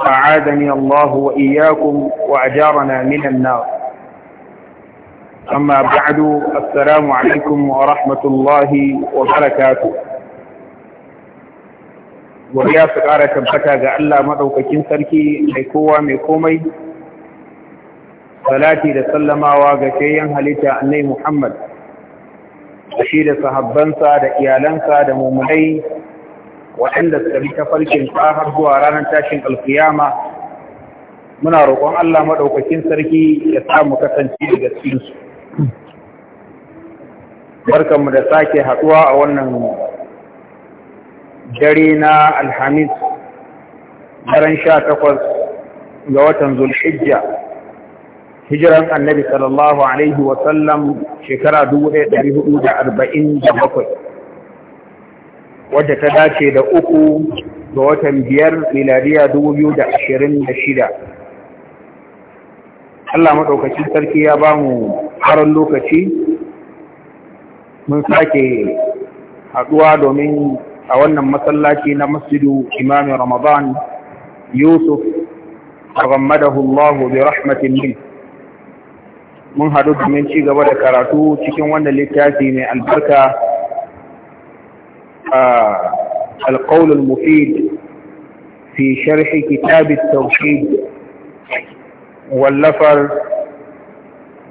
أعاذني الله وإياكم وأجارنا من النار أما بعد السلام عليكم wa barakatu. وبركاته ya su ƙara tabbata ga Allah maɗaukakin sarki mai kowa mai komai, salati da sallamawa ga shayyan halitta annai Muhammad, Ashe da sahabbansa da iyalansa da mummunai waɗanda suka bi tafarkin ta har zuwa ranar tashin alkiyama muna roƙon Allah maɗaukakin sarki ya samu kasance daga cikinsu. Barkanmu da sake haɗuwa a wannan dare na Alhamis, daren sha takwas ga watan Zulhijja, hijiran annabi sallallahu Alaihi wasallam shekara 1447. wadda ta dace da uku ga watan biyar miladiya dubu da ashirin da shida Allah maɗaukacin sarki ya ba mu harin lokaci mun sake haɗuwa domin a wannan masallaci na masjidu Imami ramadan yusuf tagammadahu Allah bi rahmatin min mun haɗu domin ci gaba da karatu cikin wannan littafi mai albarka آه، القول المفيد في شرح كتاب التوحيد واللفر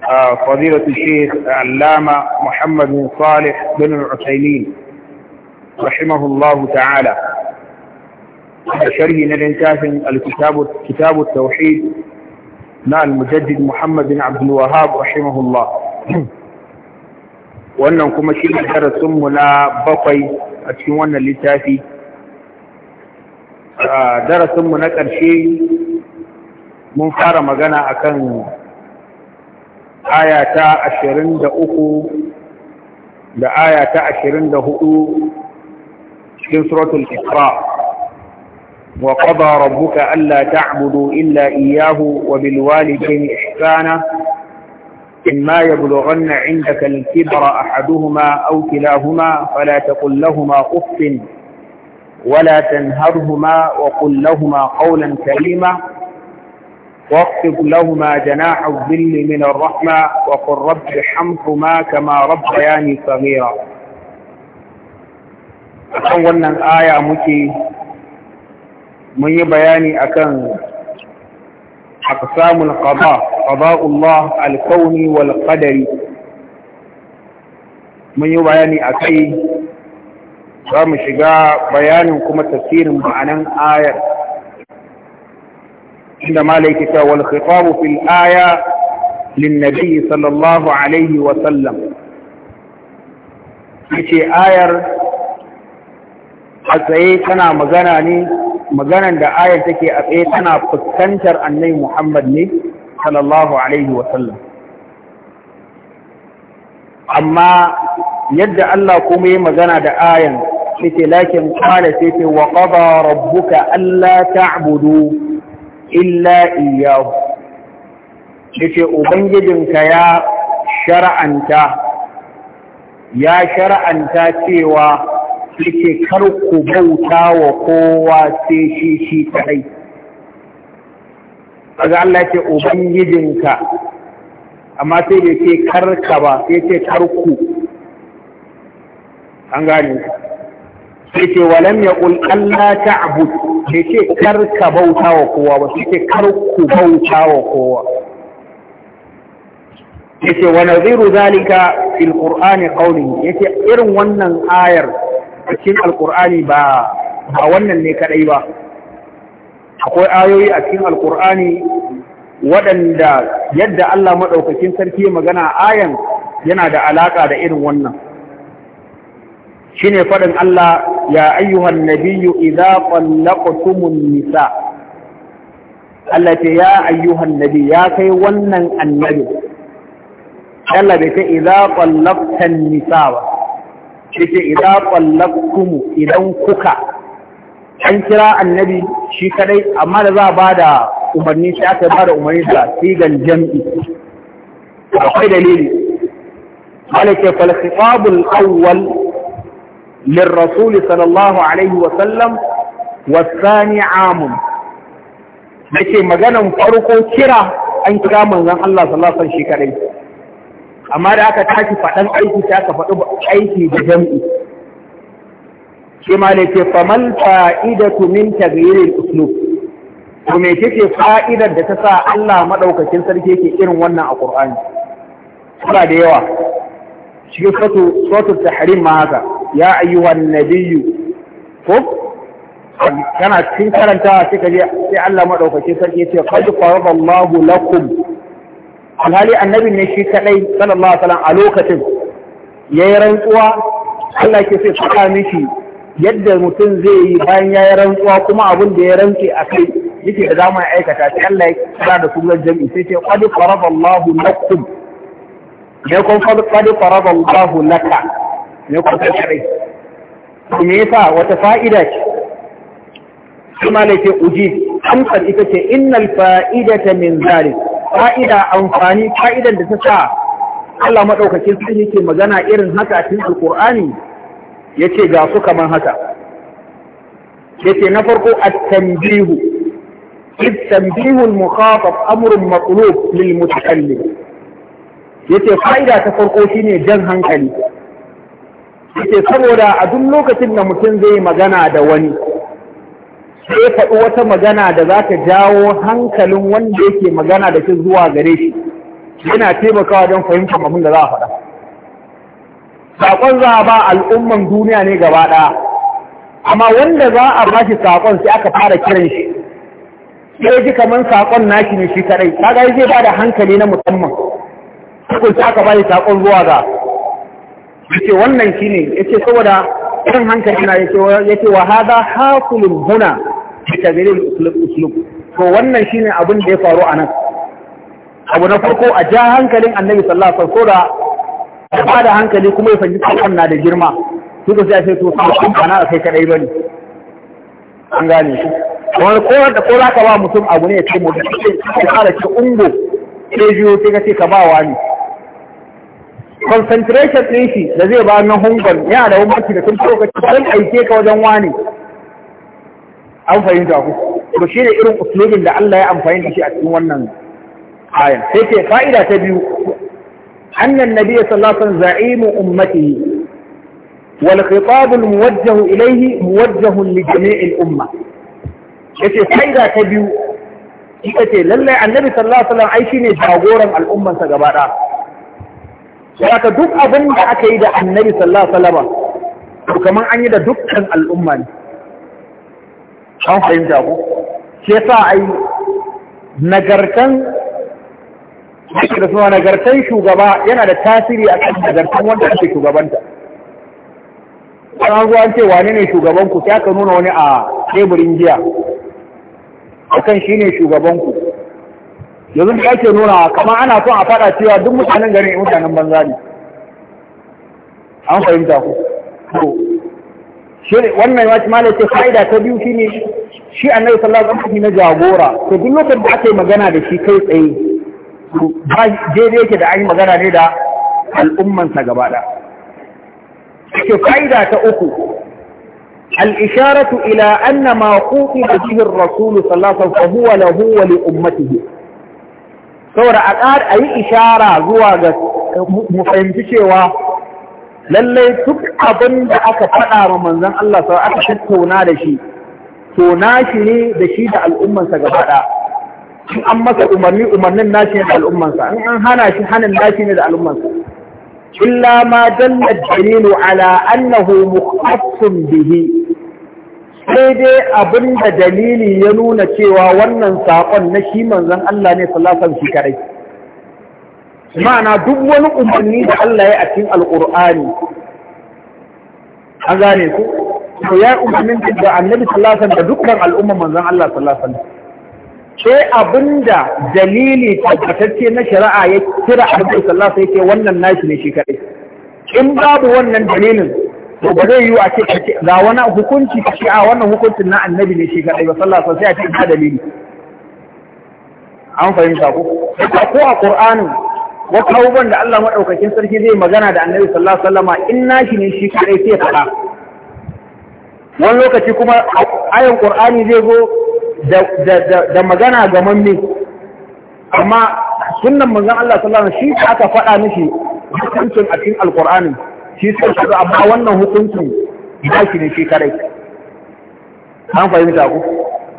آه، فضيلة الشيخ علامة محمد بن صالح بن العثيمين رحمه الله تعالى شرح نرنتاف الكتاب كتاب التوحيد مع المجدد محمد بن عبد الوهاب رحمه الله وانكم شيخ shi ne darasinmu a cikin wannan littafi darasinmu na ƙarshe mun fara magana akan kan ayata ashirin da uku da ayata ashirin da hudu cikin suratul isra وقضى ربك illa تعبدوا إلا إياه وبالوالدين إحسانا إما يبلغن عندك الكبر أحدهما أو كلاهما فلا تقل لهما أف ولا تنهرهما وقل لهما قولا كريما واخفض لهما جناح الذل من الرحمة وقل رب ارحمهما كما ربياني صغيرا أولا آية aya من mun أكن أقسام القضاء قضاء الله الكوني والقدري من yi bayani a kai za mu shiga bayanin kuma tasirin ma'anan ayar inda malaiki ta wal khitabu fil aya lin nabi sallallahu alaihi wa sallam ayar a tsaye tana magana ne maganan da ayar take a tsaye tana fuskantar annabi Muhammad ne sallallahu alaihi wa amma yadda Allah kuma yi magana da ayan yake lakin qala sayfi wa qada rabbuka alla ta'budu illa iyyahu yace ubangijinka ya shar'anta ya shar'anta cewa yake kar ku bauta wa kowa sai shi shi kai daga Allah yake ubangijinka amma sai da yake karka ba sai kar karku an gane sai ce walam yaqul Allah ta'bud sai ce karka bauta wa kowa ba sai ce karku bauta wa kowa yake wa nadhiru zalika fil qur'ani qawli yake irin wannan ayar a cikin alkur'ani ba a wannan ne kadai ba akwai ayoyi a cikin alkur'ani waɗanda yadda Allah maɗaukakin sarki magana ayan yana da alaƙa da irin wannan shi ne faɗin Allah ya ayyuhan nabiyu idza qallaqtumun nisa Allah ce ya ayyuhan nabi ya kai wannan annabi Allah bai ce idza qallaqtan nisa ba yake idza qallakum idan kuka an kira annabi shi kadai amma da za ba da umarni sai aka ba da umarni da sigan jam'i akwai dalili malake fal khitabul awwal للرسول صلى الله عليه وسلم والثاني عام yake maganan farko kira an kira manzon Allah sallallahu alaihi wasallam shi kadai amma da aka tashi faɗan aiki ta aka faɗi aiki da jam'i shi ma ne ce famal fa'idatu min tagyirin uslub to me kike fa'idar da ta sa Allah madaukakin sarki yake irin wannan a Qur'ani sura da yawa shi fatu suratul tahrim ma haka ya ayyuhan nabiyyu ko kana cikin karantawa sai ka je sai Allah madaukakin sarki ya ce qad farada Allahu lakum alhali annabin ne shi kadai sallallahu alaihi wasallam a lokacin yayi rantsuwa Allah ke sai faɗa miki yadda mutum zai yi bayan ya yi rantsuwa kuma abin da ya rantse a kai yake da zama aikata shi Allah ya kira da sunan jami'i sai ce qad farada Allahu lakum ne kun qad farada Allahu laka ne kun ta shari me yasa wata fa'ida ce kuma ne ke uji amsar ita ce innal fa'idata min zalik fa'ida amfani fa'idan da ta sa Allah maɗaukakin sun yake magana irin haka a cikin alƙur'ani ya ce ga su kamar haka ya ce na farko a tambihu إذ amurin المخاطب lil mutakalli. Ya ce fa'ida ta farko shine jan hankali Ya ce saboda a duk lokacin da mutum zai magana da wani sai faɗi wata magana da za ta jawo hankalin wanda yake magana da shi zuwa gare shi yana taimakawa don fahimtar abin da za a faɗa saƙon za a ba al'umman duniya ne gaba ɗaya amma wanda za a ba shi saƙon sai aka fara kiran shi sai ji kamar saƙon nashi ne shi kaɗai kaga zai ba da hankali na musamman sai aka ba shi saƙon zuwa ga yace wannan shi ne, yace saboda kan hankali na ya yake wa haza hakulun huna bi tabirin uslub to wannan shine abin da ya faru a nan abu na farko a ja hankalin annabi sallallahu alaihi wasallam da ba da hankali kuma ya fahimci kan na da girma suka sai sai to sakon ba na kai kadai bane an gane shi kamar ko da ko za ka ba mutum abu ne ya ce mu da shi ka ce ungo sai biyo sai ka ce ka ba wani concentration ɗin shi da zai ba na hungon ya da bambanci da tun lokaci don aike ka wajen wani an fahimta ku to shi ne irin uslubin da Allah ya amfani da shi a cikin wannan ayan sai ce fa'ida ta biyu annan nabiyyi sallallahu alaihi wasallam za'imu ummatihi wal khitab al muwajjah ilayhi muwajjah li jami' al umma yace fa'ida ta biyu ita ce lallai annabi sallallahu alaihi wasallam ai shine jagoran al'ummansa sa gaba ɗaya Saka duk abin da aka yi da annabi sallallahu alaihi wasallam kamar an yi da dukkan al'umma ne. An fahimta ku? sai sa ai nagartan shi da suna nagartan shugaba yana da tasiri a kan nagartan wanda ake shugabanta. An zuwa ce wane ne shugabanku sai aka nuna wani a teburin jiya. Akan shi ne shugabanku. yanzu da ake nuna kamar ana son a fada cewa duk mutanen garin mutanen banza ne an fahimta ku shi wannan ya ma ce fa'ida ta biyu ne shi annabi sallallahu alaihi wasallam na jagora to duk lokacin da ake magana da shi kai tsaye ba daidai yake da an yi magana ne da al'ummansa gaba ɗaya ke fa'ida ta uku al-isharatu ila anna ma khutiba bihi ar-rasul sallallahu alaihi wasallam fa huwa lahu wa li ummatihi saboda a ƙar a yi ishara zuwa ga mu fahimci cewa lallai duk abin da aka faɗa wa manzan Allah sau aka tattauna da shi to nashi ne da shi da al'ummansa gaba ɗaya in an masa umarni umarnin nashi ne da al'ummansa in an hana shi hanin nashi ne da al'ummansa illa ma dalla dalilu ala annahu mukhassun bihi sai dai abin da dalili ya nuna cewa wannan saƙon na shi manzan Allah ne sallasan shi kadai ma'ana duk wani umarni da Allah ya a cikin alƙur'ani an gane ku to ya umarnin da annabi sallasan da dukkan al'umman manzan Allah sallasan sai abin da dalili tabbatacce na shari'a ya kira annabi sallasan yake wannan nashi ne shi kadai in babu wannan dalilin to ba zai yi a ce ga wani hukunci ka ce a wannan hukuncin na annabi ne shi ga ɗaya sallah sai a ce ina dalili an fahimta ko ko a ƙur'anin wata abubuwan da Allah maɗaukakin sarki zai magana da annabi sallallahu alaihi wasallama in nashi ne shi kadai sai faɗa wani lokaci kuma ayan ƙur'ani zai zo da magana ga mamme amma sunnan manzon Allah sallallahu alaihi wasallam shi aka faɗa mishi hukuncin a cikin alqur'ani shi ka shiga amma wannan hukuncin ya shi ne shi kadai an fahimta ku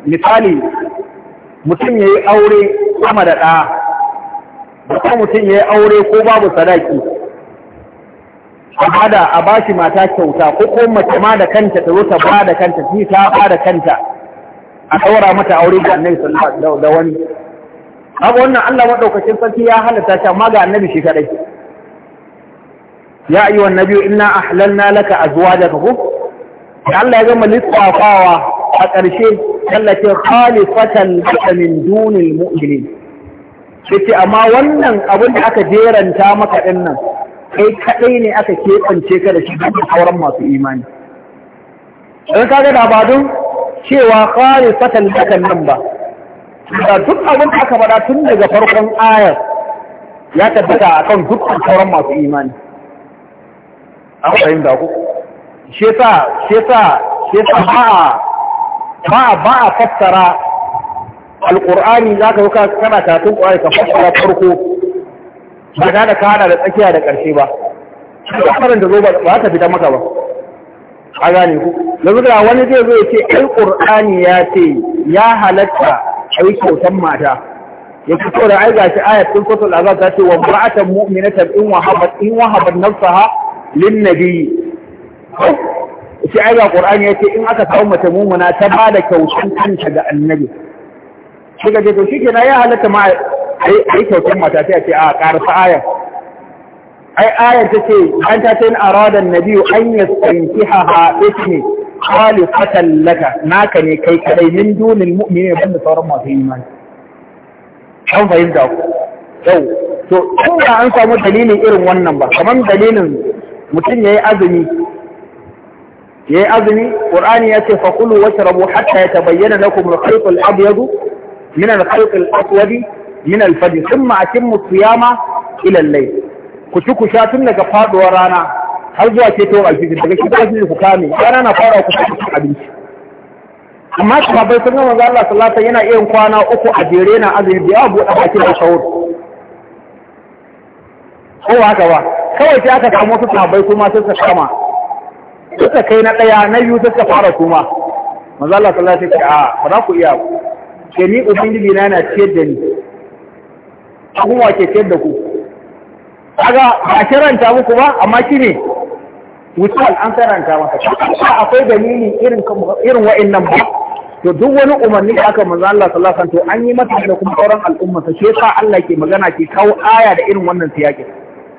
misali mutum ya yi aure sama da ɗa da kuma mutum ya yi aure ko babu sadaki amma da a ba shi mata kyauta ko ko mace ma da kanta ta zo ta ba da kanta shi ta ba da kanta a ɗaura mata aure ga annabi sallallahu alaihi da wani abu wannan Allah madaukakin sarki ya halatta shi amma ga annabi shi kadai ya ayyuhan nabiyyu inna ahlalna laka azwajaka ko Allah ya gama lissafawa a ƙarshe tallace khalifatan laka min dunil mu'minin yace amma wannan abin da aka jeranta maka din nan kai kadai ne aka kebance ka da shi da sauran masu imani dan kaga da ba cewa khalifatan laka nan ba da duk abin da aka faɗa tun daga farkon ayar ya tabbata akan dukkan sauran masu imani an da ku shi sa shi yasa shi yasa ba a ba a ba a alqur'ani zaka ka kana katun qur'ani ka fassara farko ba ka da kana da tsakiya da ƙarshe ba fassaran da zo ba ta fita maka ba a gane ku yanzu da wani zai zo ya ce alqur'ani ya ce ya halatta ai kyautan mata ya fito da ai gashi ayat sun fasul azab ta ce wa mu'minatan in wahabat in wahabat nafsaha للنبي في آية القرآن يأتي إن أتت أمة مؤمنة تبالك وشن كنت على النبي شكرا جدا شكرا يا هلت ما حيث وتمة تأتي كارس آه، آية أي آية تأتي أنت أن أراد النبي أن يستنكحها إثم خالصة لك ناكني كي كي من دون المؤمنين بل تورم في إيمان شو فهمت أقول تو تو أنت مدليني إرم ونمبر كمان دليني mutum ya yi azumi ya yi azumi ƙur'ani ya ce fakulu wata rabu hatta ya tabayyana na kuma alkhaiƙul abyadu min alkhaiƙul aswadi min alfajr sun ma'akin musuyama ilallai ku ci ku sha tun daga faɗuwar rana har zuwa ceto alfijir daga shi alfijir ku kame rana na fara ku ci abinci amma sahabbai sun gama Allah sallallahu yana iya kwana uku a jere na azumi da yawa buɗe a cikin sauri, ko haka ba kawai sai aka samu wasu sahabbai kuma sai suka kama suka kai na ɗaya na biyu suka fara kuma manzo Allah sallallahu alaihi wasallam a ba za ku iya ke ni ubangiji na yana ciyar da ni kuma ke ciyar da ku kaga ba karanta muku ba amma ne wutal an karanta maka ba akwai dalili irin irin wa'annan ba to duk wani umarni da aka manzo Allah sallallahu alaihi wasallam to an yi masa da kuma sauran al'umma sai sa Allah ke magana ke kawo aya da irin wannan siyakin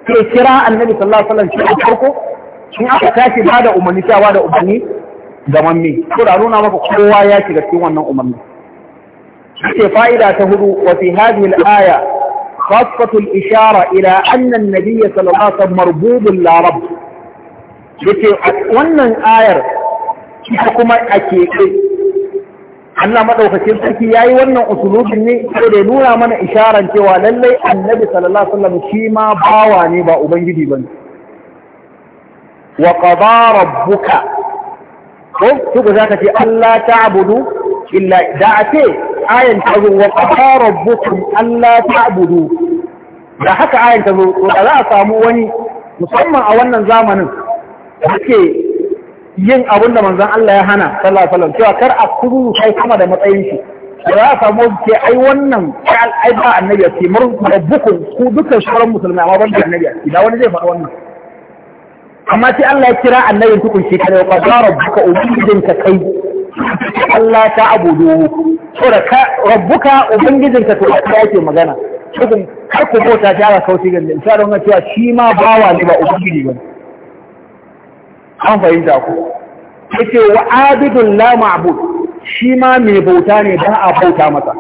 sai kira annabi sallallahu alaihi wasallam shi farko shi aka tashi ba da umarni cewa da umarni ga mamme ko da nuna maka kowa ya shiga cikin wannan umarni ce fa'ida ta hudu wa fi hadhihi al-aya khassatu al-ishara ila anna an-nabiy sallallahu alaihi wasallam marbubun la rabb yace wannan ayar ita kuma a keɓe Allah madaukakin sarki yayi wannan usulubin ne sai ya nuna mana isharan cewa lallai annabi sallallahu alaihi wasallam shi ma bawa ne ba ubangiji bane wa qada rabbuka ko tuku zaka ce Allah ta'budu illa da ate ayan ta zo wa qada rabbukum Allah ta'budu da haka ayan ta zo to za a samu wani musamman a wannan zamanin da ake yin abin da manzon Allah ya hana sallallahu alaihi wasallam cewa kar a kuru sai kuma da matsayin shi da za a samu ke ai wannan ai ba annabi ya ce marabbukum ku dukkan shugaban musulmai amma ban da annabi idan wani zai faɗa wannan amma sai Allah ya kira annabin tukun shi kare wa qad rabbuka ubangijinka kai Allah ta abudu da ka rabbuka ubangijinka to Allah yake magana cikin har ku bauta ta ga kauci galle sai don cewa shi ma bawa ne ba ubangiji ba an fahimta ku yake wa abidun la ma'bud shi ma mai bauta ne ba a bauta masa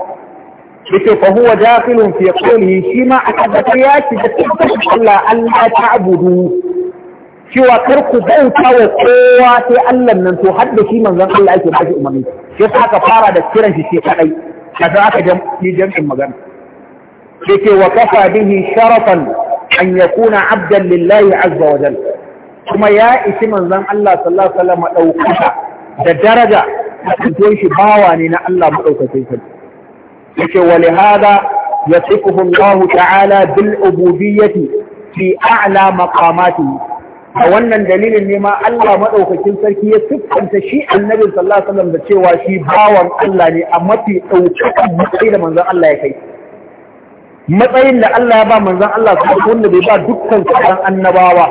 yake fa huwa dakhilun fi qawlihi shi ma a tabbata ya ci da tabbata Allah Allah abudu. cewa kar ku bauta wa kowa sai Allah nan to har da shi manzon Allah ake bashi umarni sai aka fara da kiran shi shi kadai kaza aka yi jam'in magana yake wa kafa bihi sharafan an yakuna abdan lillahi azza wa jalla kuma ya ishi manzan Allah sallallahu alaihi wasallam ɗaukaka da daraja a kasantuwar shi bawa ne na Allah maɗaukakin sarki yake wa lihada yasifuhu Allah ta'ala bil ubudiyyati fi a'la maqamatihi a wannan dalilin ne ma Allah maɗaukacin sarki ya siffanta shi annabin sallallahu alaihi wasallam da cewa shi bawan Allah ne a mafi ɗaukakan matsayi da manzan Allah ya kai matsayin da Allah ya ba manzon Allah sallallahu alaihi wasallam wanda bai ba dukkan sauran annabawa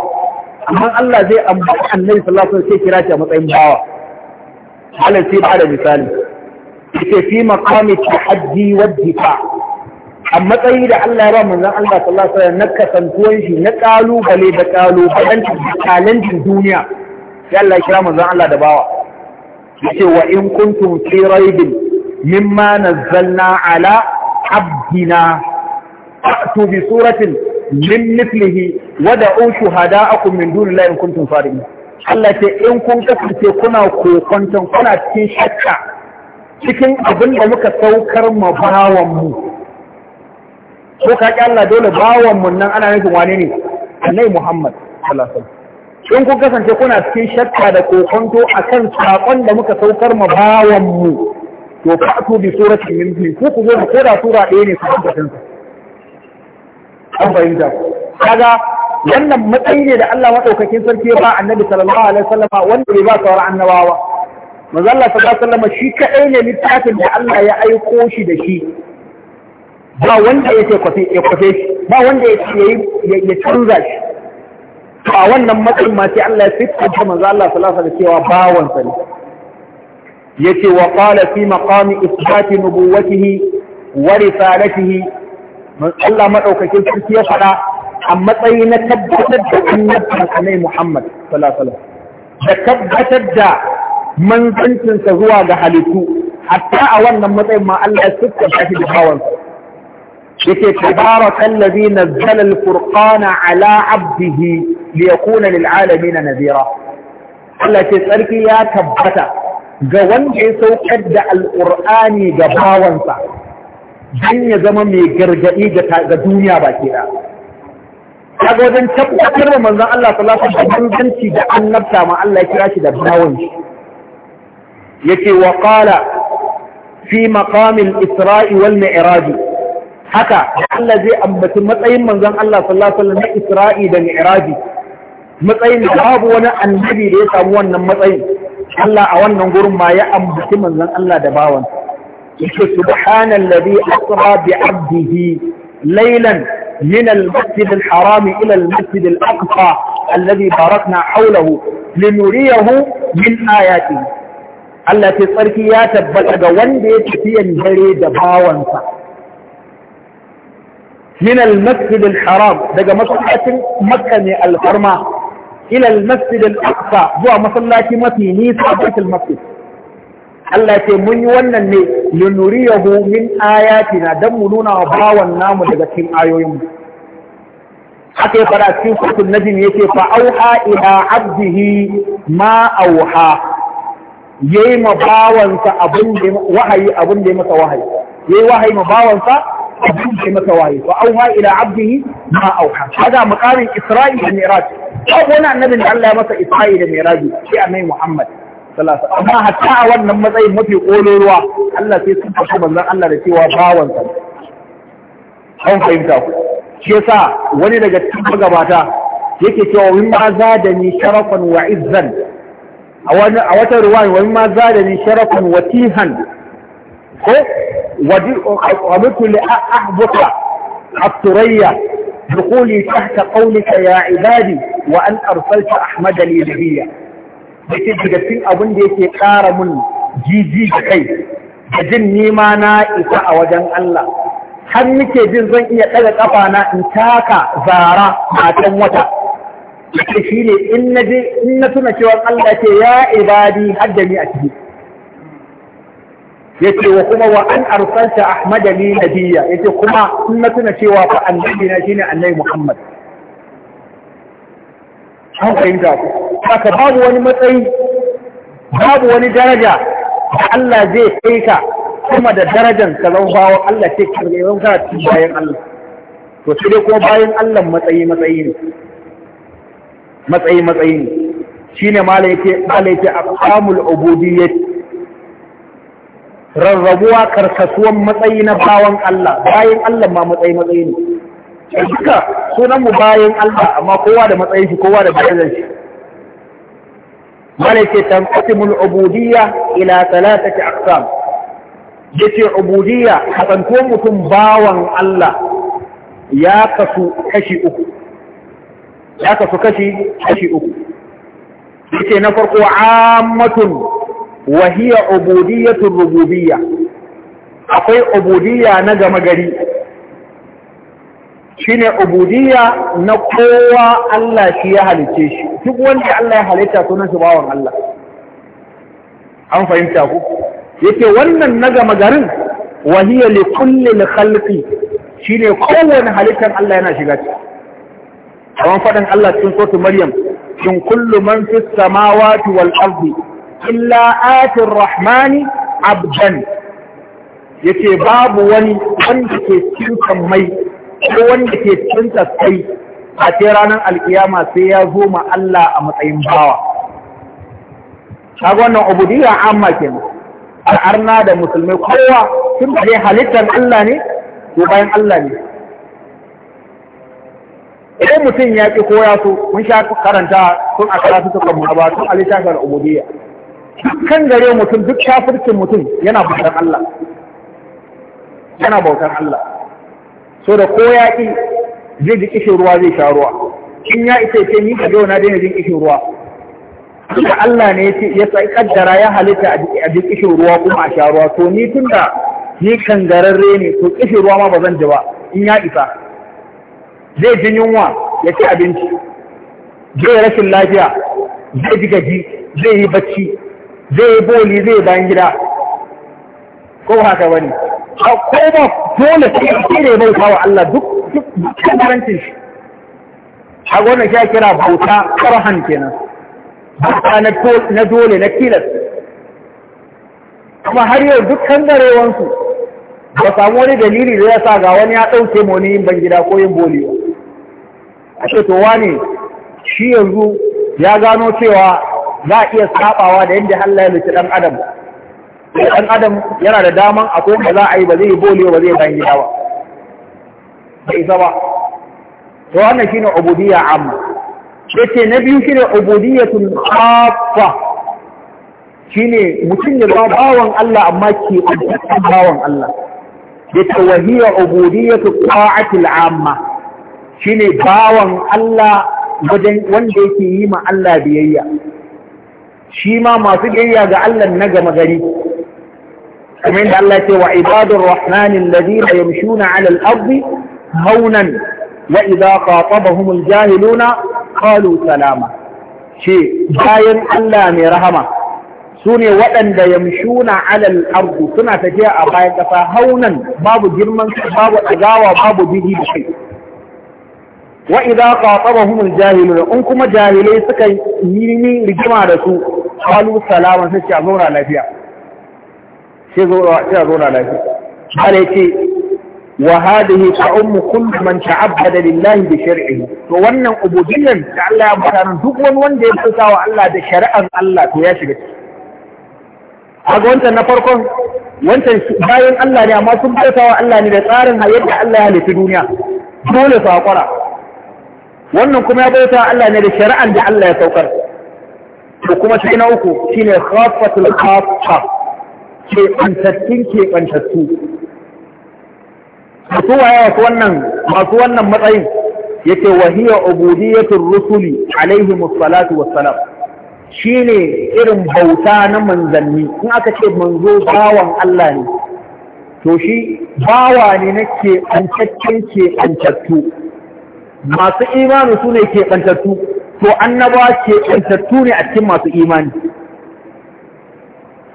amma Allah zai ambaci annabi sallallahu alaihi wasallam sai kira shi a matsayin bawa Allah sai ba da misali yake fi maqami tahaddi wa difa a matsayi da Allah ya ba manzon Allah sallallahu alaihi wasallam na kasantuwan shi na kalubale da kalubalen challenging duniya sai Allah ya kira manzon Allah da bawa yace wa in kuntum fi raibin mimma nazzalna ala abdina fa'tu bi suratin min mislihi wa da'u shuhada'akum min dunillahi in kuntum sadiqin Allah ce in kun kasance kuna kokonton kuna cikin shakka cikin abin da muka saukar ma bawan mu ko ka ki Allah dole bawan mun nan ana nufin wane ne Annabi Muhammad sallallahu alaihi wasallam in kun kasance kuna cikin shakka da kokonto akan sakon da muka saukar ma bawan mu to fa'tu bi suratin min ku ku zo da sura ɗaya ne su tabbatar an fahimta kaga wannan matsayi ne da Allah madaukakin sarki ya ba annabi sallallahu alaihi wasallam wanda bai ba sauran annabawa manzo Allah sallallahu alaihi wasallam shi kadai ne littafin da Allah ya aiko shi da shi ba wanda ya ce kwafe ya kwafe shi ba wanda ya ya canza shi To a wannan matsayin ma sai Allah ya fitta manzo Allah sallallahu alaihi wasallam cewa bawansa ne yace wa qala fi maqami ithbati nubuwwatihi wa risalatihi Allah maɗaukakin sarki ya faɗa a matsayi na tabbatar da annabcin annabi Muhammad sallallahu alaihi da tabbatar da manzancinsa zuwa ga halittu hatta a wannan matsayin ma Allah ya sukka shi da bawansa yake tabaraka allazi nazzala alfurqana ala abdihi liyakuna lilalamin nadira Allah ce tsarki ya tabbata ga wanda ya saukar da alqur'ani ga bawansa don ya zama mai gargaɗi ga duniya ba ke da. Kaga wajen tabbatar da manzan Allah sallallahu alaihi wasallam da annabta ma Allah ya kira shi da bawan shi. Yace wa qala fi maƙamin isra'i wal mi'raj haka Allah zai ambaci matsayin manzan Allah sallallahu na isra'i da mi'raj matsayin da babu wani annabi da ya samu wannan matsayin Allah a wannan gurin ma ya ambaci manzan Allah da bawansa سبحان الذي أسرى بعبده ليلا من المسجد الحرام إلى المسجد الأقصى الذي باركنا حوله لنريه من آياته التي تركيات يا تبتغ وندي تفين جريد باوانسا من المسجد الحرام دقى مصلحة مكة الحرمة إلى المسجد الأقصى هو مصلحة متي نيسا المسجد Allah ce mun yi wannan ne linuriyahu min ayatina dan mu nuna wa bawan namu daga cikin ayoyin mu haka ya fara cikin suratul najm yake fa auha ila abdihi ma auha yayi ma bawansa abin da wahayi abin da masa wahayi yayi wahayi ma bawansa abin da masa wahayi fa auha ila abdihi ma auha hada muqamin isra'i da mi'raj ko wannan annabin Allah ya masa isra'i da mi'raj shi annabi Muhammad sallallahu amma hatta a wannan matsayin mafi ƙololuwa Allah sai sun fashi manzon Allah da cewa bawan sa an fahimta ku shi yasa wani daga cikin magabata yake cewa min ma zadani sharafan wa izzan a wani a wata ruwaya wa min ma zadani sharafan wa tihan ko wadi amutu li ahbuta at-turayya دخولي تحت قولك يا عبادي وأن أرسلت أحمد لي نبيا yake daga cikin abin da yake ƙara mun jiji da kai da jin nima na isa a wajen Allah har nake jin zan iya ɗaga ƙafa na in taka zara matan wata yake shi ne in na in na tuna cewa Allah ke ya ibadi haddani a ciki yace wa kuma wa an arsalta ahmada li nabiyya yace kuma in na tuna cewa fa annabi na shine annabi Muhammad an fahimta ku haka babu wani matsayi babu wani daraja da Allah zai kai ka kuma da darajar zan bawa Allah ce kirgirin ka cikin bayan Allah to sai dai kuma bayan Allah matsayi matsayi ne matsayi matsayi ne shine mala yake mala yake aqamul ubudiyyah rarrabuwa karkasuwan matsayi na bawan Allah bayan Allah ma matsayi matsayi ne duka sunan mu bayan Allah amma kowa da matsayin shi kowa da bayan shi malaka tanqasimul ubudiyya ila thalathati aqsam yace ubudiyya kasanto mutum bawan Allah ya kasu kashi uku ya kasu kashi kashi uku yace na farko ammatun wa hiya ubudiyyatu rububiyya akwai obudiya na gama gari shine ubudiyya na kowa Allah shi ya halice shi duk wanda Allah ya halitta sunan shi bawan Allah an fahimta ku yake wannan na gama garin wahiya li kulli khalqi shine kowane halittar Allah yana shiga ciki kamar faɗin Allah cikin sotu Maryam in kullu man fis samawati wal ardi illa atir rahmani abdan yace babu wani wanda ke cikin mai ko wanda ke cikin taskai a ce ranar alkiyama sai ya zo ma Allah a matsayin bawa kaga na ubudiyya amma kenan al'arna da musulmai kowa sun da halittar Allah ne ko bayan Allah ne idan mutum ya ƙi koya su mun sha karanta sun a karatu ta kan ba sun a littafin al'ubudiyya kan gare mutum duk shafirkin mutum yana bautan Allah yana bautan Allah so da ko ya ƙi zai ji kishin ruwa zai sha ruwa in ya ita ce ni ka na daina jin kishin ruwa da Allah ne ya sai kaddara ya halitta a ji kishin ruwa kuma a sha ruwa to ni tunda da ni gararre ne to kishin ruwa ma ba zan ji ba in ya isa zai ji yunwa ya ci abinci zai rashin lafiya zai ji gaji zai yi bacci zai yi boli zai bayan gida ko haka bane a koma dole sai an tsere mai kawo Allah duk karancin shi a wannan shi kira bauta karhan kenan bauta na dole na tilas kuma har yau duk kangarewansu ba samu wani dalili da ya sa ga wani ya ɗauke mu wani yin bangida ko yin boliwa a ce to wani shi yanzu ya gano cewa za a iya sabawa da yadda Allah ya luci ɗan adam sai ɗan adam yana da daman akwai da za a yi ba zai yi bolewa ba zai ban gida ba bai isa ba to wannan shine ubudiyya amma yace na biyu shine ubudiyyatul khaffa shine mutum ya ba bawan Allah amma ke ubudiyyatul bawan Allah yace wa hiya ubudiyyatul ta'atil amma shine bawan Allah wajen wanda yake yi ma Allah biyayya shi ma masu biyayya ga Allah na gama gari kuma inda Allah ce wa ibadur rahmanin ladina yamshuna ala al-ardi haunan wa idza qatabahum al-jahiluna qalu salama ce bayan Allah mai rahama su ne waɗanda yamshuna ala al-ardi suna tafiya a bayan kasa haunan babu girman babu agawa babu bihi da shi wa idza qatabahum al-jahiluna in kuma jahilai suka yi rigima da su qalu salama sai a zauna lafiya sai zo a zo na lafiya Allah yace wa hadhihi ta'ummu kullu man ta'abbada lillahi bi shar'ihi to wannan ubudiyyan da Allah ya bada duk wani wanda ya bauta wa Allah da shari'ar Allah to ya shiga ciki kaga wancan na farkon wancan bayan Allah ne amma sun bauta wa Allah ne da tsarin yadda Allah ya halitta duniya dole su haƙura wannan kuma ya bauta Allah ne da shari'an da Allah ya saukar to kuma shi na uku shine khafatul khaffa keɓantattun keɓantattu wasu waye masu wannan matsayin yake wahiya ubudiyatul rusuli alaihi musallatu wassalam shine irin bauta na manzanni in aka ce manzo bawan Allah ne to shi bawa ne na keɓantaccen keɓantattu masu imani su ne keɓantattu to annaba keɓantattu ne a cikin masu imani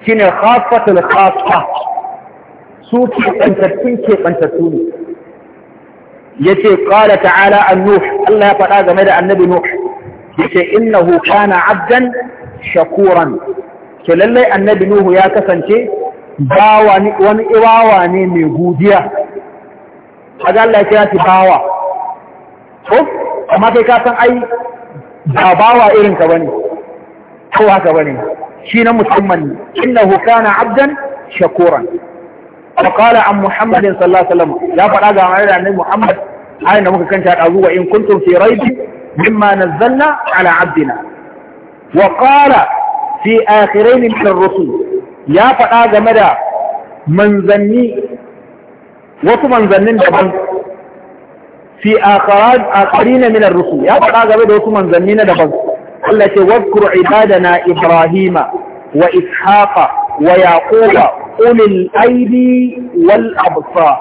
shine khassatul khassa su ke bantattun ke bantattu ne yace qala ta'ala an-nuh Allah ya faɗa game da annabi nuh yace innahu kana 'abdan shakuran ke lallai annabi nuhu ya kasance bawa wani iwawa ne mai gudiya kaga Allah ya kira shi bawa amma kai ka ai ba bawa irin bane ko haka bane shi na musamman innahu kana abdan shakuran wa qala an muhammadin sallallahu alaihi wasallam ya faɗa ga mai annabi muhammad ayin da muka kanta da zuwa in kuntum fi raibi mimma nazzalna ala abdina wa qala fi akhirain min ar-rusul ya faɗa game da manzanni wasu manzannin daban fi akharin min ar-rusul ya faɗa game da wasu manzanni na Allah ce wadkur ibadana Ibrahima wa Ishaqa wa Yaquba ulil aidi wal absar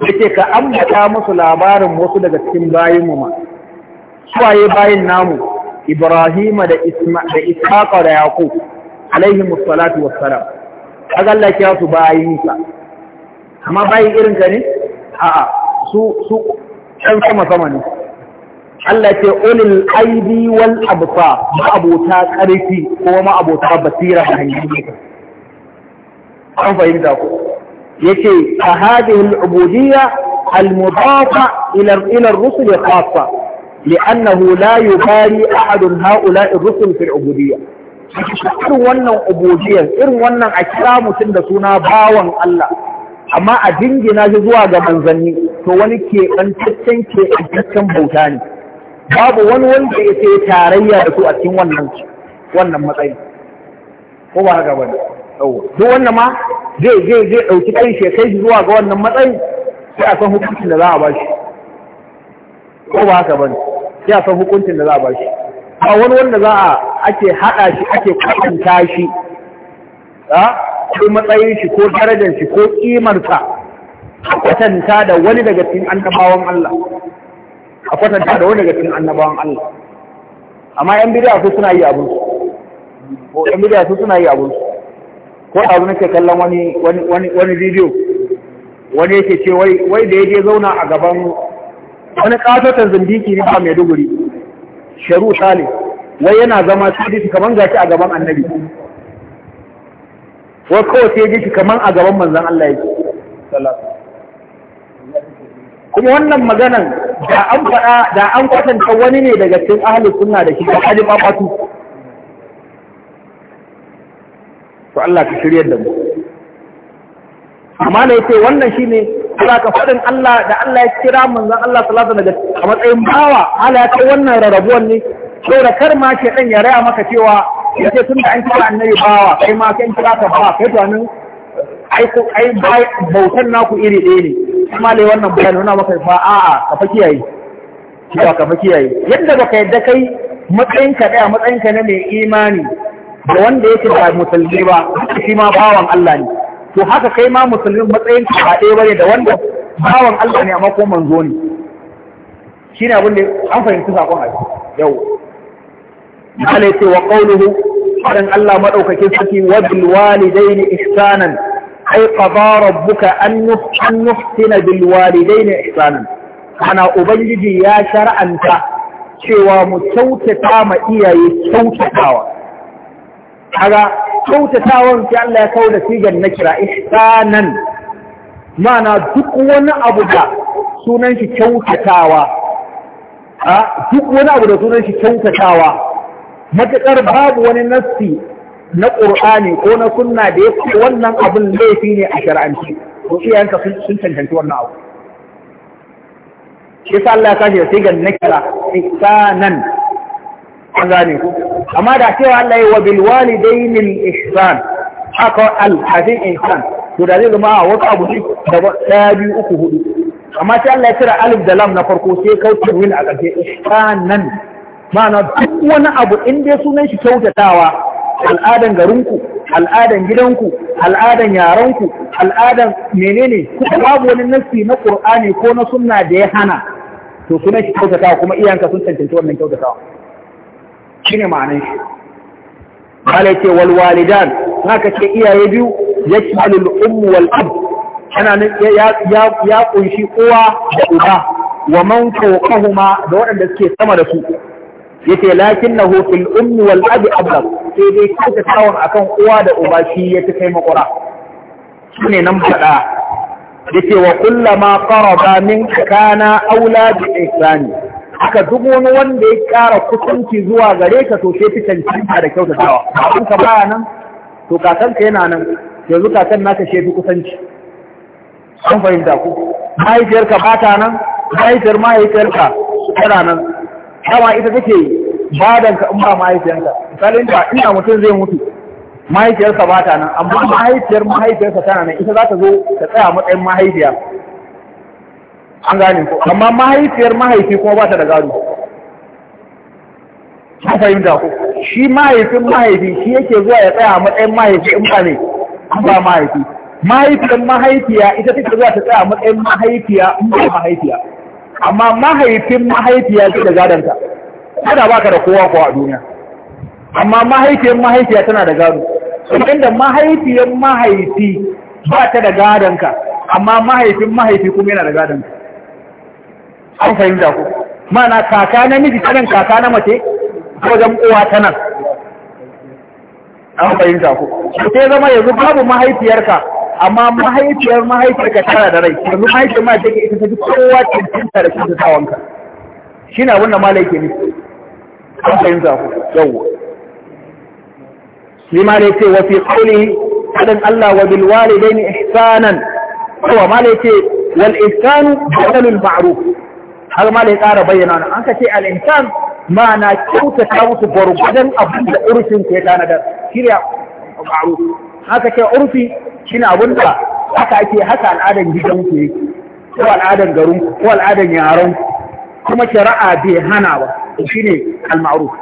yace ka ambata musu labarin wasu daga cikin bayin mu ma suwaye bayin namu Ibrahima da Isma da Ishaqa da Yaqub alaihi musallatu wassalam kaga Allah ya su bayinsa amma bayin irin ka ne a'a su su ɗan sama sama ne Allah ce ulil aidi wal absa ma'abota ƙarfi ko ma'abota basira da hanyoyi an fahimta ku yace a hadhihi al-ubudiyya al-mudafa ila ila ar-rusul khassa li'annahu la yubari ahad ha'ula'i ar-rusul fi al irin wannan ubudiyya irin wannan a kira mutum da suna bawan Allah amma a dingina shi zuwa ga manzanni to wani ke keɓantaccen keɓantaccen bauta ne babu wani wanda ya ce tarayya da su a cikin wannan wannan matsayi ko ba haka bane duk wannan ma zai zai zai dauki kai shi kai zuwa ga wannan matsayin sai a san hukuncin da za a bashi ko ba haka ne? sai a san hukuncin da za a bashi a wani wanda za a ake hada shi ake kwatanta shi a ko matsayin shi ko darajar shi ko kimarsa sa kwatanta da wani daga cikin annabawan Allah a kwatanta da wani daga cikin annabawan Allah amma yan bidiyar su suna yi abun ko yan bidiyar su suna yi abun ko da wani ke kallon wani wani wani bidiyo wani yake ce wai wai da yake zauna a gaban wani katotan zindiki ne ba Maiduguri Sharu Salim wai yana zama sidiki kaman gashi a gaban Annabi wai kawai sai shi kaman a gaban manzon Allah yake sallallahu kuma wannan maganan da an faɗa da an kwatanta wani ne daga cikin ahalin sunna da shi da halin to Allah ka shirya da mu amma ne yace wannan shine Allah ka faɗin Allah da Allah ya kira manzon Allah sallallahu alaihi wasallam a matsayin bawa Allah ya kai wannan rarrabuwan ne da kar ma shedan ya raya maka cewa yace tun da an kira annabi bawa kai ma kai kira ka bawa kai to nan ai ai bautan naku iri ɗaya ne kuma wannan bayani wani maka fa a'a ka fa kiyaye cewa ka fa kiyaye yadda baka yadda kai matsayin ka daya matsayin ka na mai imani da wanda yake ba musulmi ba shi ma bawan Allah ne to haka kai ma musulmi matsayin ka ba ɗaya bane da wanda bawan Allah ne amma ko manzo ne shine abin da an fahimci sakon a yau Allah ya ce wa qawluhu dan Allah madaukakin saki wa bil walidaini ihsanan ai buka rabbuka an nuhsina bil walidaini ihsanan ana ubangiji ya shar'anta cewa mu kyautata ma iyaye kyautatawa kaga kyautatawan sai Allah ya kawo da sigan na kira ihsanan mana duk wani abu da sunan shi kyautatawa duk wani abu da sunan shi kyautatawa matuƙar babu wani nassi na ƙur'ani ko na sunna da ya fi wannan abin laifi ne a shar'anci to iyayenka sun cancanci wannan abu shi sa Allah ya kashe da sigan nakira ihsanan an gane ku amma da cewa Allah ya wa bil walidaini ihsan haka al hadin ihsan to da zai zama a wata abu ne da daya biyu uku hudu amma sai Allah ya cire alif da lam na farko sai kauce wani a ƙarshe ihsanan ma'ana duk wani abu in dai sunan shi kyautatawa al'adan garinku al'adan gidanku al'adan yaranku al'adan menene babu wani nassi na qur'ani ko na sunna da ya hana to sunan shi kyautatawa kuma iyanka sun tantance wannan kyautatawa shine ma'anar shi bala ce wal walidan haka ce iyaye biyu yashmalul ummu wal ab ana ya ya kunshi uwa da uba wa man fawqahuma da waɗanda suke sama da su yace lakinnahu fil ummi wal abi ablaq sai dai kanka tawon akan uwa da uba shi ya ta kai makura shine nan fada yace wa kullama qaraba min kana aula bi ihsani haka duk wani wanda ya kara kusanci zuwa gare ka to sai fitan cinta da kyautatawa abin ka baya nan to kakan ka yana nan yanzu kakan naka shefi kusanci kun fahimta ku mahaifiyarka ba ta nan mahaifiyar mahaifiyarka tana nan dama ita take yi badanka in ba mahaifiyanka misalin da ina mutum zai mutu mahaifiyarsa ba ta nan amma mahaifiyar mahaifiyarsa tana nan ita za ta zo ta tsaya matsayin mahaifiya an gane ko amma mahaifiyar mahaifi kuma ba ta da gado an fahimta ko shi mahaifin mahaifi shi yake zuwa ya tsaya matsayin mahaifi in ba ne in ba mahaifi mahaifiyar mahaifiya ita take zuwa ta tsaya matsayin mahaifiya in ba mahaifiya amma mahaifin mahaifiya zai da gadonta kada ba ka da kowa ko a duniya amma mahaifiyar mahaifiya tana da gado kuma inda mahaifiyar mahaifi ba ta da gadonka amma mahaifin mahaifi kuma yana da gadonka an fahimta ku mana kaka na miji tanan kaka na mace wajen uwa tanan an fahimta ku sai zama yanzu babu mahaifiyarka amma mahaifiyar mahaifiyarka tana da rai yanzu mahaifiyar mahaifiyarka ita ta ji kowa cancanta da kyautatawanka shi na abin da malai ke nufi an fahimta ku yawwa shi ma da yake wafi kauli hadin Allah wa bil walidaini ihsanan kowa ma da yake wal ihsanu hadalul ma'ruf har ma da ya bayyana nan an ka ce al ihsan ma na kyautata musu gwargwadon abin da urfin ke tanadar shirya ma'ruf haka ce urfi shine abin da haka ake haka al'adar gidan ku yake ko al'adar garin ko al'adar yaran kuma shari'a bai hana ba shine al-ma'ruf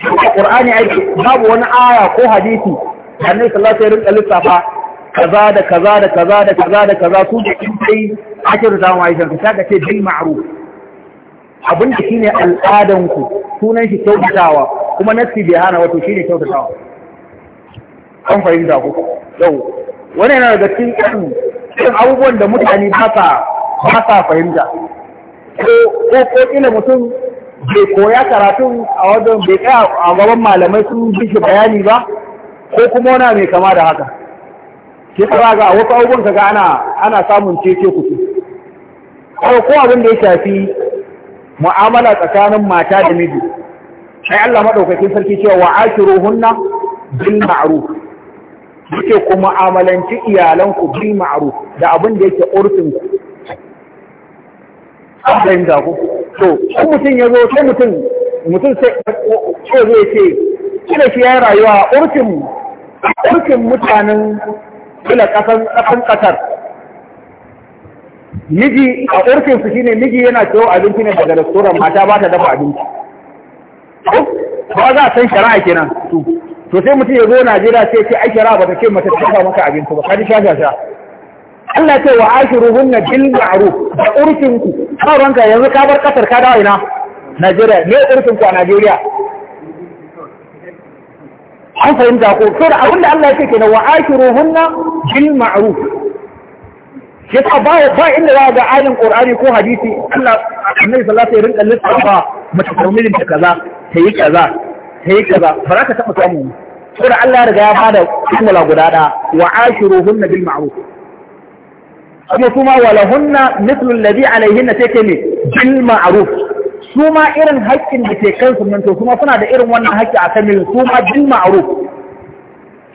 Qur'ani ai babu wani aya ko hadisi Annabi sallallahu alaihi wasallam lissafa kaza da kaza da kaza da kaza da kaza su da kin sai ake da ai sai ka ce bil ma'ruf abin da shine al'adan ku sunan shi kyautatawa kuma nasi bi hana wato shine kyautatawa an fahimta ku yau wannan yana daga cikin irin abubuwan da mutane ba sa ba sa fahimta ko ko ina mutum bai koya karatu a wajen bai tsaya a gaban malamai sun bi shi bayani ba ko kuma wani mai kama da haka ke tsara ga wasu abubuwan kaga ana ana samun cece kuku ko abin da ya shafi mu'amala tsakanin mata da miji sai Allah madaukakin sarki cewa wa hunna bil ma'ruf yake ku mu'amalanci iyalanku bil ma'ruf da abin da yake urfin ku abin da ku to ko mutum ya zo sai mutum mutum sai ko zai ce kina shi ya rayuwa urkin urkin mutanen kila kasan kasan katar miji a urkin su shine miji yana ciwo abinci ne daga restaurant mata ba ta dafa abinci ba za a san shari'a kenan to to sai mutum ya zo Najeriya sai ce ai shari'a ba ta ce mata ta maka abinci ba ka ji shasha Allah ce wa hunna bil ma'ruf da urfin ku ba ruwanka yanzu ka bar ƙasar ka dawo ina Najeriya me urfin ku a Najeriya an fahimta ko so da abinda Allah yake kenan wa akiruhunna bil ma'ruf yasa ba ba inda za ga ayin Qur'ani ko hadisi Allah Annabi sallallahu alaihi wasallam lissafa mace ta mijin ta kaza ta yi kaza ta yi kaza ba za ka taba samu so da Allah ya riga ya bada jumla guda da wa akiruhunna bil ma'ruf kuma kuma walahunna mithlu alladhi alaihinna take ne bil ma'ruf su irin haƙƙin da ke kansu nan to kuma suna da irin wannan haƙƙi a kan su ma bil ma'ruf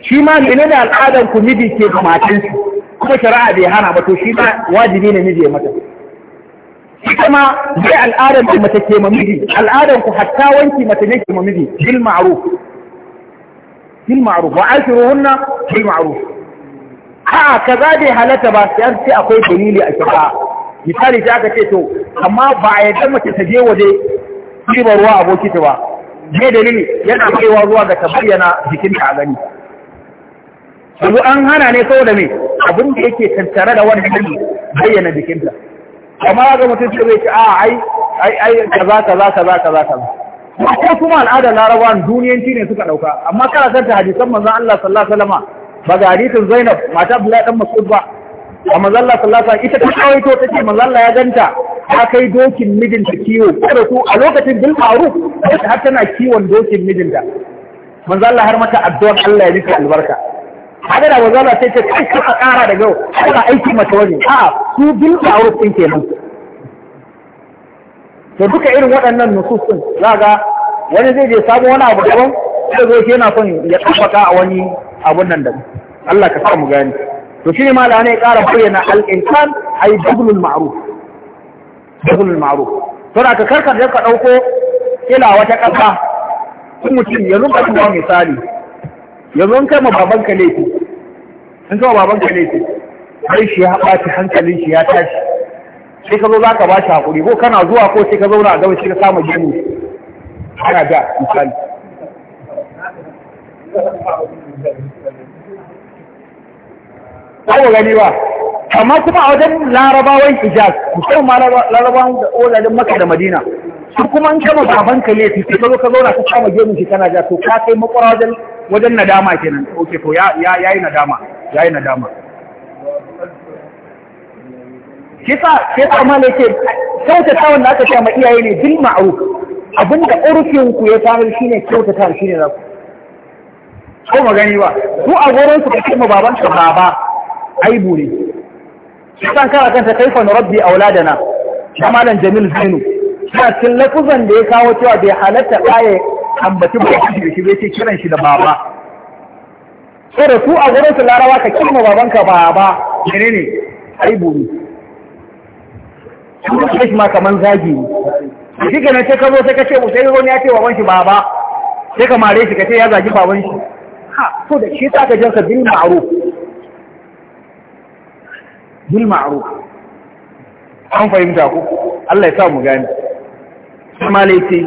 shi ma menene ne al'adan ku miji ke da matan kuma shari'a bai hana ba to shi ma wajibi ne miji ya mata ita ma bai al'adan ku mace ke ma miji al'adan ku hatta wanki mace ne ke ma miji bil ma'ruf bil ma'ruf wa ashiruhunna bil ma'ruf a za bai halatta ba sai an ce akwai dalili a kira misali ta aka ce to amma ba a yadda mace ta je waje ɗiba ruwa aboki ta ba me dalili yana kaiwa zuwa ga ta bayyana jikinta a gani yanzu an hana ne saboda me abin da yake tattare da wani hali bayyana jikinta amma ga mutum sai zai ce a ai ai kaza kaza kaza kaza kaza ko kuma al'adar larabawan duniyanci ne suka dauka amma kana ta hadisan manzon Allah sallallahu alaihi wasallam magaritin Zainab mata bula ɗan masu ba a mazalla sallallahu ita ta kawaito ta ce mazalla ya ganta ta kai dokin mijinta kiwo kada ku a lokacin bil ta har tana kiwon dokin mijinta mazalla har mata addu'ar Allah ya nufi albarka haka da ta sai ta kai kafa kara da gau ana aiki mata wani a'a su bil ma'ruf kenan to duka irin waɗannan nusus sun, za ga wani zai je samu wani abu daban sai zo na son ya tabbata a wani abun nan da Allah ka sa mu gani to shine malama ne ƙara bayyana al-insan ay dablul ma'ruf dablul ma'ruf to da ka karkar da ka dauko ila wata ƙasa kun mutum ya ka kuma misali yanzu kai ma babanka laifi in baban babanka laifi sai shi ya shi hankalin shi ya tashi sai ka zo za ka ba shi haƙuri ko kana zuwa ko sai ka zauna a gaba shi ka samu gemu ana da misali ko gani ba amma kuma a wajen larabawan hijaz musamman larabawan da olalin maka da madina su kuma an kama baban ka laifi sai ka zo ka zauna ka kama gemun shi kana ja to ka kai makwara wajen wajen nadama kenan okay to ya ya yi nadama ya yi nadama kisa sa ta mala yake kyautata wanda aka kama ma iyaye ne bil ma'ruf abinda urfin ku ya shi shine kyautata shine za ku ko magani ba ku a gurin su ka kuma ma baban ka baba aibu ne kan kara kanta kaifa na rabbi da na malam jamil zainu suna cin lafuzan da ya kawo cewa bai halatta ɗaya ambaci ba shi da shi bai ce kiran shi da baba So da su a wurin su larawa ka kirma babanka baba mene ne aibu ne sun kuma shi ma kamar zagi ne shi kenan ce ka zo sai ka ce musai zo ne ya ce baban shi baba sai ka mare shi ka ce ya zagi baban shi ha so da shi ta ka jansa bil ma'ruf bil ma'ruf an fahimta ku Allah ya sa mu gani kuma laifi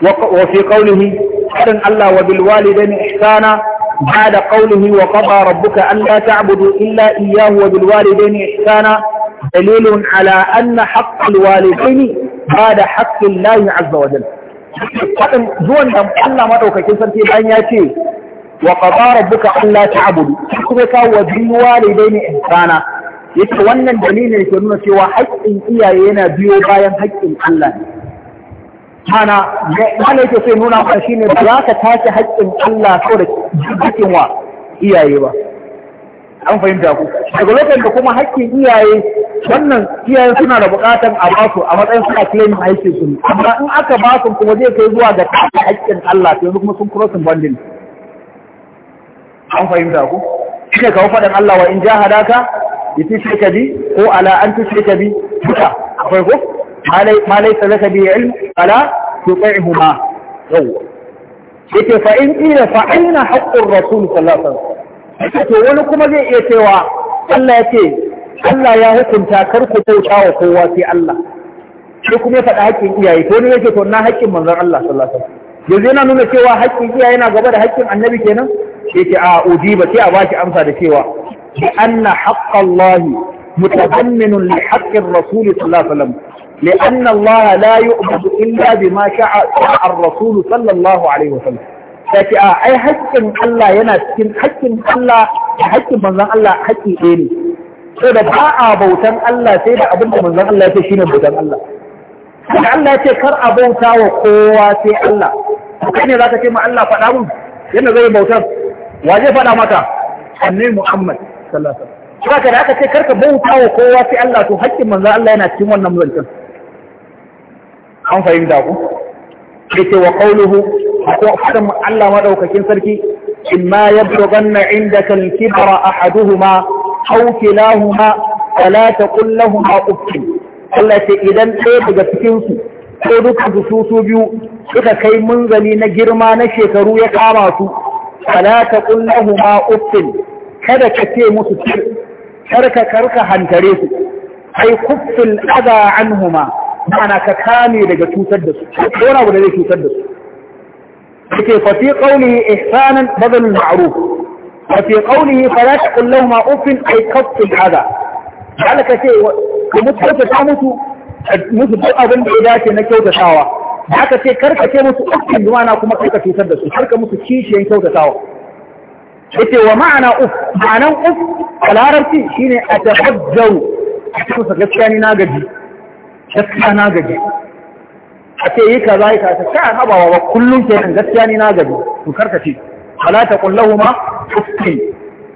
wa fi qawlihi hadan Allah wa bil walidayni ihsana بعد قوله illa ربك ألا تعبدوا إلا إياه وبالوالدين إحسانا دليل على أن حق bada بعد حق الله عز وجل faɗin zuwan da Allah maɗaukakin sarki bayan ya ce wa qada rabbuka alla ta'budu kuma ka wa bil walidaini ihsana yace wannan dalilin ke nuna cewa haƙƙin iyaye yana biyo bayan haƙƙin Allah ne mana mana yake sai nuna ba shine ba za ka tashi haƙƙin Allah ko da jikin wa iyaye ba an fahimta ku daga lokacin da kuma haƙƙin iyaye wannan iyaye suna da buƙatar a basu a matsayin suna claim haƙƙin su amma in aka basu kuma zai kai zuwa ga tashi haƙƙin Allah sai kuma sun crossing boundary an fahimta ku kike kawo faɗin Allah wa in jahadaka yutushrika bi ko ala an tushrika bi duka akwai ko ma laysa laka bi ilm fala tuti'huma yawwa yake fa in qila fa inna haqqur rasul sallallahu alaihi wasallam to wani kuma zai iya cewa Allah yake Allah ya hukunta kar ku bauta wa kowa sai Allah sai kuma ya faɗa haƙƙin iyaye to ne yake to na haƙƙin manzon Allah sallallahu alaihi wasallam yanzu yana nuna cewa haƙƙin iya yana gaba da haƙƙin annabi kenan Yake a a ba sai a baki amsa da cewa bi anna haqqallahi mutadamminun li haqqir rasul sallallahu alaihi wasallam li anna Allah la yu'budu illa bima sha'a ar-rasul sallallahu alaihi wasallam sai ce a ai haƙƙin Allah yana cikin haƙƙin Allah haƙƙin manzon Allah haƙƙi ɗaya ne saboda ba a bautan Allah sai da abin da manzon Allah ya ce shine bautan Allah Allah ya ce kar a bauta wa kowa sai Allah to kai ne zaka ce ma Allah faɗa mun yadda zai bautar wa zai faɗa maka annabi Muhammad sallallahu alaihi wasallam haka da aka ce karka bauta wa kowa sai Allah to haƙƙin manzo Allah yana cikin wannan zancen an fahimta ku yake wa qawluhu ko fadan Allah madaukakin sarki imma yablughanna indaka al-kibra ahaduhuma aw kilahuma fala taqul lahumā uff Allah ce idan ɗaya daga cikin su ko duka su su biyu suka kai munzali na girma na shekaru ya kama su fala ta kullahu ma uffin kada ka ce musu tir karka karka hantare su ai kuffil adha anhuma mana ka kame daga cutar da su ko wani abu cutar da su yake fa fi qawlihi ihsanan badal ma'ruf wa fi qawlihi fala ta kullahu ma uffin ai aza. adha ka ce ka mutu ta mutu musu duk abin da ya dace na kyautatawa da aka ce karka ce musu ukin dumana kuma karka cutar da su karka musu kishiyan kyautatawa Ya ce wa ma'ana uf ma'anan uf a larabci shine a hajjau a cikin sa gaskiya ni na gaji gaskiya na gaji a ce yi kaza yi kaza ka habawa ba kullum nan gaskiya ni na gaji to karka ce fala ta kullahu ma uffin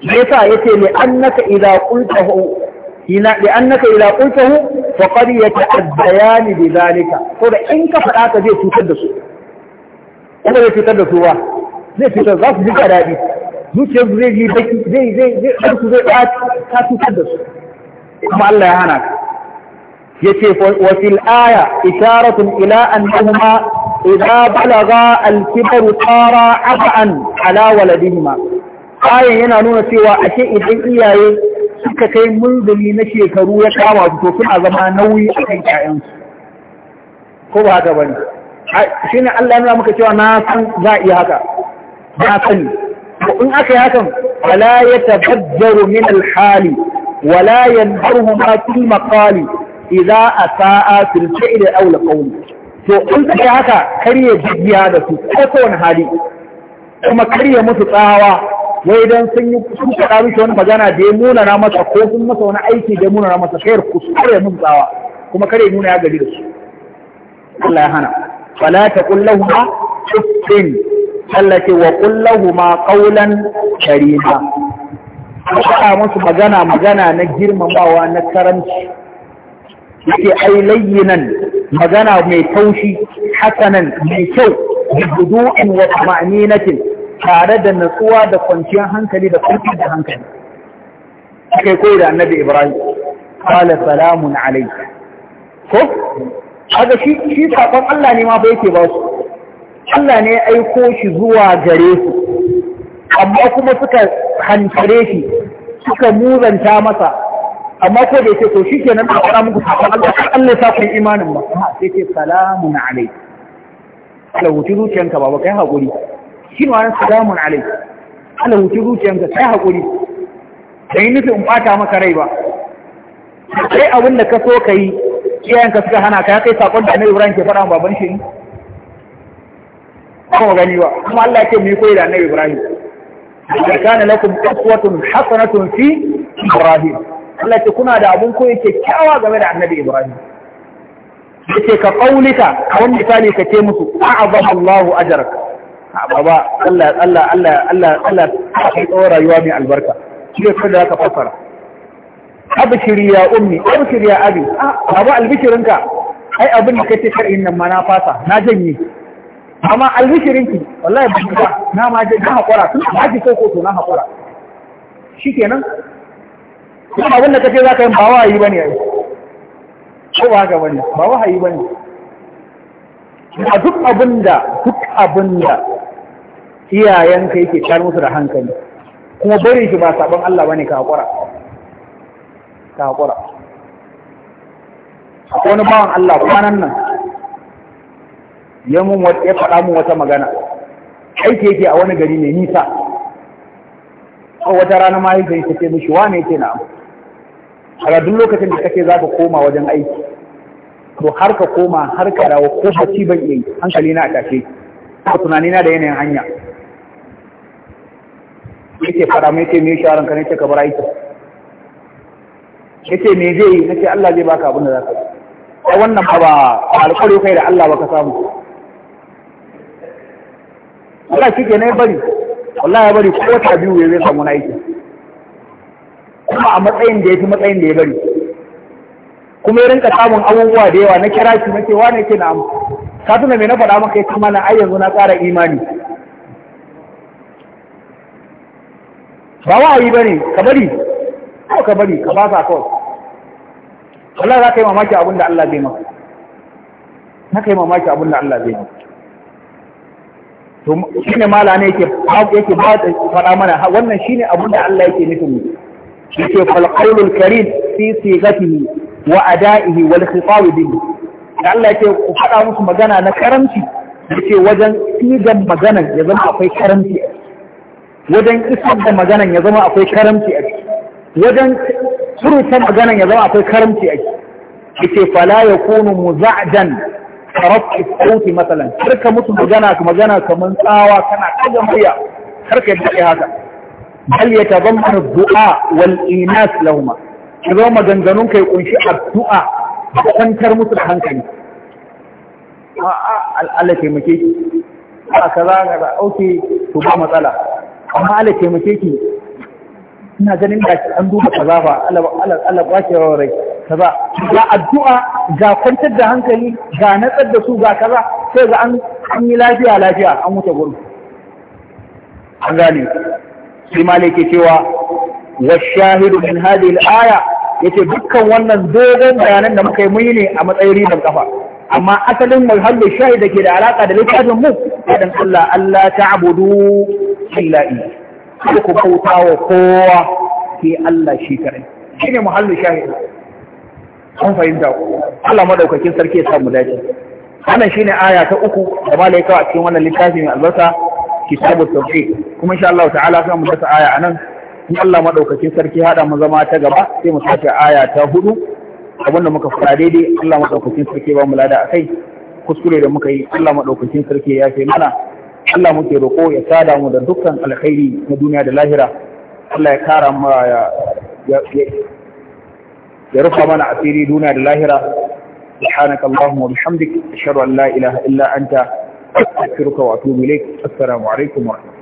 me yasa yace li annaka idza qultahu هنا لأنك إلا قلته فقد يتأذيان بذلك قد إنك فرأت ذي تتدسوا أولا يتدسوا ذي تتدسوا ذي تتدسوا ذي تتدسوا ذي تتدسوا ذي تتدسوا ذي تتدسوا إما الله يهانك يتيف وفي الآية إشارة إلى أنهما إذا بلغا الكبر طارا أفعا على ولدهما آية هنا نونة سوى أشيء إذن إياه suka kai munzuli na shekaru ya kama su to suna zama nauyi a kan ƴaƴansu ko ba haka bane shi ne Allah nuna muka cewa na san za a iya haka na sani to in aka yi hakan wala ya tabajjaru min alhali wala yanharuhu ma fil maqali idza asaa fil fi'li aw al to in suka yi haka karye jigiya da su ko kowane hali kuma karye musu tsawa wai don sun yi sun faɗa wani magana da ya nuna na masa ko sun masa wani aiki da ya nuna na masa kayar kuskure ya mun tsawa kuma kare nuna ya gari da su Allah ya hana fala taqul lahum uffin Allah ce wa kullahuma qawlan karima faɗa musu magana magana na girmamawa na karamci yake ai layyinan magana mai taushi hasanan mai kyau bidu'in wa ma'aninatin tare da natsuwa da kwanciyar hankali da kwanciyar da hankali kai koyi da annabi ibrahim qala salamun alayka ko haka shi shi sakon Allah ne ma ba yake ba su Allah ne ya aiko shi zuwa gare su amma kuma suka hantare shi suka muzanta masa amma ko da yake to shi ke nan a fara muku sakon Allah Allah ya sa imanin ba sai ce salamun alayka Allah wuce zuciyanka baba kai haƙuri shi ne wani salamun alai Allah hutu zuciyanka sai haƙuri da yi nufin ɓata maka rai ba sai abin da ka so ka yi iyayenka suka hana ka ya kai saƙon da annabi ibrahim ke faɗa wa baban shi kuma gani ba kuma Allah ya ce mu yi koyi da annabi ibrahim da kana lakum uswatun hasanatun fi ibrahim Allah ce kuna da abun koyi kyakkyawa game da annabi ibrahim yace ka qaulika a wani misali ka ce musu a'azama Allahu ajrak baba Allah Allah Allah Allah Allah ka tsawon rayuwa mai albarka shi ne kun da aka fassara abshiri ya ummi abshiri ya abi baba ah, albishirinka ai abin da kace shar'in nan ma na fasa na janye amma albishirinki wallahi ba ka na ma je na hakura tun ba ki ko to na hakura shikenan kuma abin da kace zaka yi ba wahayi bane ai ko ba ga bane ba wahayi bane a duk abin da duk abin da iyayenka yake tar musu da hankali kuma bari shi ba sabon Allah bane ka hakura ka hakura akwai wani bawan Allah kwanan nan ya mun ya faɗa mun wata magana aiki yake a wani gari mai nisa a wata rana ma yake ta ce mishi wane yake na a duk lokacin da kake za ka koma wajen aiki to har ka koma har ka dawo ko bacci ban yi hankali na a tashe ko tunani na da yanayin hanya yake fara mai ce me shawaran ka ne ce ka bar aiki ce me zai yi ce Allah zai baka abin da ka yi a wannan ba ba alƙari kai da Allah baka samu Allah shi ke ne bari Allah ya bari ko ta biyu ya zai samu na aiki kuma a matsayin da ya fi matsayin da ya bari kuma ya rinka samun abubuwa da yawa na kira shi na cewa na ke na kafin da me na faɗa maka ya kama na ai yanzu na ƙara imani ba wa'ayi bane ka bari ko ka bari ka ba sa kawai Allah za ka yi mamaki abin da Allah zai maka na ka yi mamaki abin da Allah zai maka to shine mala ne yake yake ba faɗa mana wannan shine abin da Allah yake nufin mu yake fal qawlul karim fi sigatihi wa ada'ihi wal khitab bihi da Allah yake ku faɗa musu magana na karanci yake wajen sigan magana ya zama akwai karanci a wajen isar da maganan ya zama akwai karamci a ciki wajen furta maganan ya zama akwai karamci a ciki yace fala yakunu muza'dan karafi sauti masalan karka mutu magana ka magana kaman tsawa kana kaga murya karka yi haka bal yatabammanu du'a wal inas lahuma ki zo maganganun kai kunshi addu'a da kwantar musu da hankali a Allah taimake ki a kaza kaza okay to ba matsala amma ala taimake ki ina ganin da an duba kaza ba ala kwace rai kaza ga addu'a ga kwantar da hankali ga natsar da su ga kaza sai ga an yi lafiya lafiya an wuce gurin an gane shi malike cewa wa shahidu min hadhihi al-aya yace dukkan wannan dogon bayanan da muka yi ne a matsayin ribar kafa amma asalin muhallin shahid da ke da alaƙa da littafin mu faɗin Allah Allah ta abudu iya kada ku bauta wa kowa ke Allah shi kare ne muhallin shahid an fahimta ku Allah madaukakin sarki ya samu dace wannan shine aya ta uku da malai a cikin wannan littafi mai albarka kitabu tauhid kuma insha Allah ta'ala sai mu dasa aya anan in Allah madaukakin sarki hada mu zama ta gaba sai mu sake aya ta hudu abin da muka fara daidai Allah madaukakin sarki ba mu lada akai kuskure da muka yi Allah madaukakin sarki ya fi mana Allah muke roƙo ya sada mu da dukkan alkhairi na duniya da lahira Allah ya kara mu ya rufa mana asiri duniya da lahira سبحانك اللهم وبحمدك أشهد أن لا إله إلا أنت أستغفرك وأتوب إليك السلام عليكم ورحمة الله